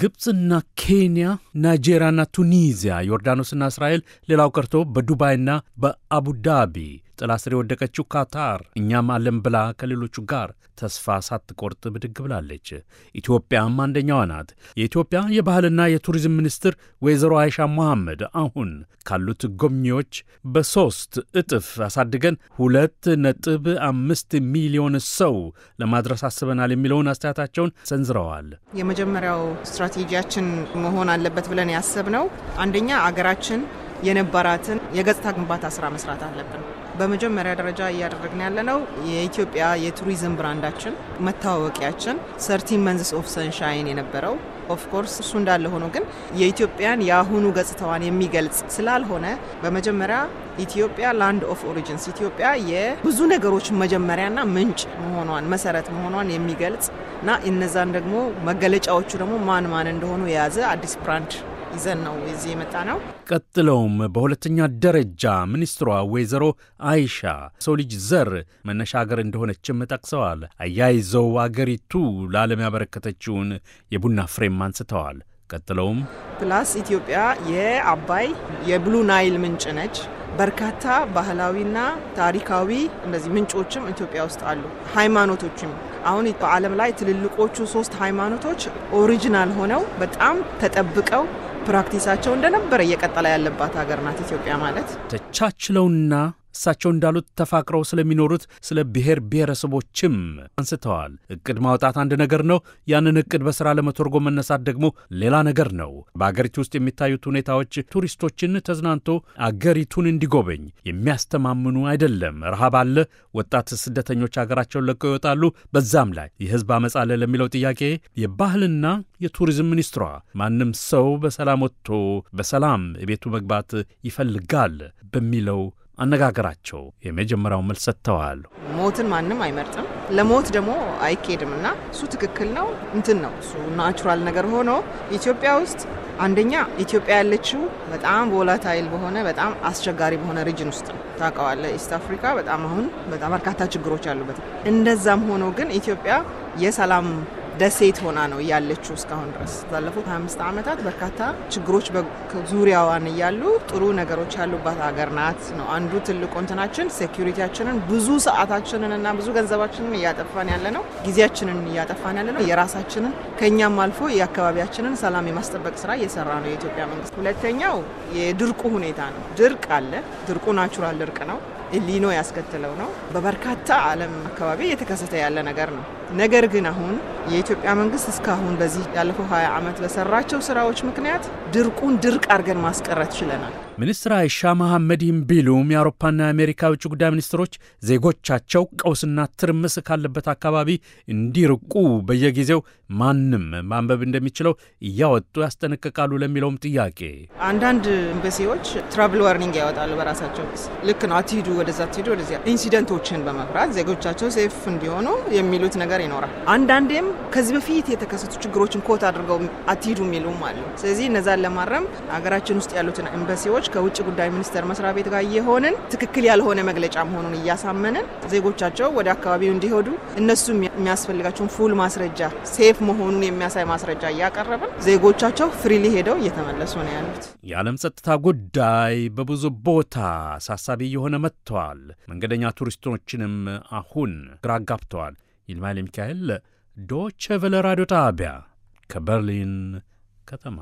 ግብፅና ኬንያ፣ ናይጄሪያና ቱኒዚያ፣ ዮርዳኖስና እስራኤል ሌላው ቀርቶ በዱባይና በአቡዳቢ ጥላ ስር የወደቀችው ካታር እኛም አለን ብላ ከሌሎቹ ጋር ተስፋ ሳትቆርጥ ብድግ ብላለች። ኢትዮጵያም አንደኛዋ ናት። የኢትዮጵያ የባህልና የቱሪዝም ሚኒስትር ወይዘሮ አይሻ መሐመድ አሁን ካሉት ጎብኚዎች በሦስት እጥፍ አሳድገን ሁለት ነጥብ አምስት ሚሊዮን ሰው ለማድረስ አስበናል የሚለውን አስተያየታቸውን ሰንዝረዋል። የመጀመሪያው ስትራቴጂያችን መሆን አለበት ብለን ያሰብነው አንደኛ አገራችን የነበራትን የገጽታ ግንባታ ስራ መስራት አለብን። በመጀመሪያ ደረጃ እያደረግን ያለነው የኢትዮጵያ የቱሪዝም ብራንዳችን መታወቂያችን ሰርቲን መንዝስ ኦፍ ሰንሻይን የነበረው ኦፍኮርስ እሱ እንዳለ ሆኖ ግን የኢትዮጵያን የአሁኑ ገጽታዋን የሚገልጽ ስላልሆነ በመጀመሪያ ኢትዮጵያ ላንድ ኦፍ ኦሪጅንስ ኢትዮጵያ የብዙ ነገሮች መጀመሪያና ምንጭ መሆኗን መሰረት መሆኗን የሚገልጽ እና እነዛን ደግሞ መገለጫዎቹ ደግሞ ማን ማን እንደሆኑ የያዘ አዲስ ብራንድ ይዘን ነው እዚህ የመጣ ነው። ቀጥለውም በሁለተኛ ደረጃ ሚኒስትሯ ወይዘሮ አይሻ ሰው ልጅ ዘር መነሻ አገር እንደሆነችም ጠቅሰዋል። አያይዘው አገሪቱ ለዓለም ያበረከተችውን የቡና ፍሬም አንስተዋል። ቀጥለውም ፕላስ ኢትዮጵያ የአባይ የብሉ ናይል ምንጭ ነች። በርካታ ባህላዊና ታሪካዊ እነዚህ ምንጮችም ኢትዮጵያ ውስጥ አሉ። ሃይማኖቶችም አሁን በዓለም ላይ ትልልቆቹ ሶስት ሃይማኖቶች ኦሪጂናል ሆነው በጣም ተጠብቀው ፕራክቲሳቸው እንደነበረ እየቀጠለ ያለባት ሀገር ናት ኢትዮጵያ ማለት ተቻችለውና እሳቸው እንዳሉት ተፋቅረው ስለሚኖሩት ስለ ብሔር ብሔረሰቦችም አንስተዋል። እቅድ ማውጣት አንድ ነገር ነው። ያንን እቅድ በሥራ ለመተርጎ መነሳት ደግሞ ሌላ ነገር ነው። በአገሪቱ ውስጥ የሚታዩት ሁኔታዎች ቱሪስቶችን ተዝናንቶ አገሪቱን እንዲጎበኝ የሚያስተማምኑ አይደለም። ረሃብ አለ። ወጣት ስደተኞች አገራቸውን ለቀው ይወጣሉ። በዛም ላይ የህዝብ አመፅ አለ ለሚለው ጥያቄ የባህልና የቱሪዝም ሚኒስትሯ ማንም ሰው በሰላም ወጥቶ በሰላም ቤቱ መግባት ይፈልጋል በሚለው አነጋገራቸው የመጀመሪያው መልስ ሰጥተዋል። ሞትን ማንም አይመርጥም፣ ለሞት ደግሞ አይኬድም እና እሱ ትክክል ነው እንትን ነው እሱ ናቹራል ነገር ሆኖ ኢትዮጵያ ውስጥ አንደኛ ኢትዮጵያ ያለችው በጣም ቮላታይል በሆነ በጣም አስቸጋሪ በሆነ ሪጅን ውስጥ ነው። ታውቀዋለህ፣ ኢስት አፍሪካ በጣም አሁን በጣም በርካታ ችግሮች አሉበት። እንደዛም ሆኖ ግን ኢትዮጵያ የሰላም ደሴት ሆና ነው እያለችው እስካሁን ድረስ ባለፉት 25 ዓመታት በርካታ ችግሮች ዙሪያዋን እያሉ ጥሩ ነገሮች ያሉባት ሀገር ናት ነው አንዱ ትልቁ እንትናችን። ሴኩሪቲያችንን ብዙ ሰዓታችንን እና ብዙ ገንዘባችንን እያጠፋን ያለ ነው፣ ጊዜያችንን እያጠፋን ያለ ነው። የራሳችንን ከእኛም አልፎ የአካባቢያችንን ሰላም የማስጠበቅ ስራ እየሰራ ነው የኢትዮጵያ መንግስት። ሁለተኛው የድርቁ ሁኔታ ነው። ድርቅ አለ። ድርቁ ናቹራል ድርቅ ነው ኢሊኖ ያስከትለው ነው። በበርካታ ዓለም አካባቢ እየተከሰተ ያለ ነገር ነው። ነገር ግን አሁን የኢትዮጵያ መንግስት እስካሁን በዚህ ያለፈው 20 ዓመት በሰራቸው ስራዎች ምክንያት ድርቁን ድርቅ አድርገን ማስቀረት ችለናል። ሚኒስትር አይሻ መሐመድም ቢሉም የአውሮፓና የአሜሪካ ውጭ ጉዳይ ሚኒስትሮች ዜጎቻቸው ቀውስና ትርምስ ካለበት አካባቢ እንዲርቁ በየጊዜው ማንም ማንበብ እንደሚችለው እያወጡ ያስጠነቅቃሉ ለሚለውም ጥያቄ አንዳንድ ኤምባሲዎች ትራቭል ዋርኒንግ ያወጣሉ። በራሳቸው ልክ ነው፣ አትሂዱ፣ ወደዛ አትሂዱ፣ ወደዚያ ኢንሲደንቶችን በመፍራት ዜጎቻቸው ሴፍ እንዲሆኑ የሚሉት ነገር ይኖራል። አንዳንዴም ከዚህ በፊት የተከሰቱ ችግሮችን ኮት አድርገው አትሂዱ የሚሉም አሉ። ስለዚህ እነዛን ለማረም ሀገራችን ውስጥ ያሉትን ኤምባሲዎች ከውጭ ጉዳይ ሚኒስቴር መስሪያ ቤት ጋር እየሆንን ትክክል ያልሆነ መግለጫ መሆኑን እያሳመንን ዜጎቻቸው ወደ አካባቢው እንዲሄዱ እነሱ የሚያስፈልጋቸውን ፉል ማስረጃ ሴፍ መሆኑን የሚያሳይ ማስረጃ እያቀረብን ዜጎቻቸው ፍሪሊ ሄደው እየተመለሱ ነው ያሉት። የዓለም ጸጥታ ጉዳይ በብዙ ቦታ አሳሳቢ እየሆነ መጥተዋል። መንገደኛ ቱሪስቶችንም አሁን ግራ ጋብተዋል። ይልማይል ሚካኤል ዶቼ ራዲዮ ጣቢያ ከበርሊን ከተማ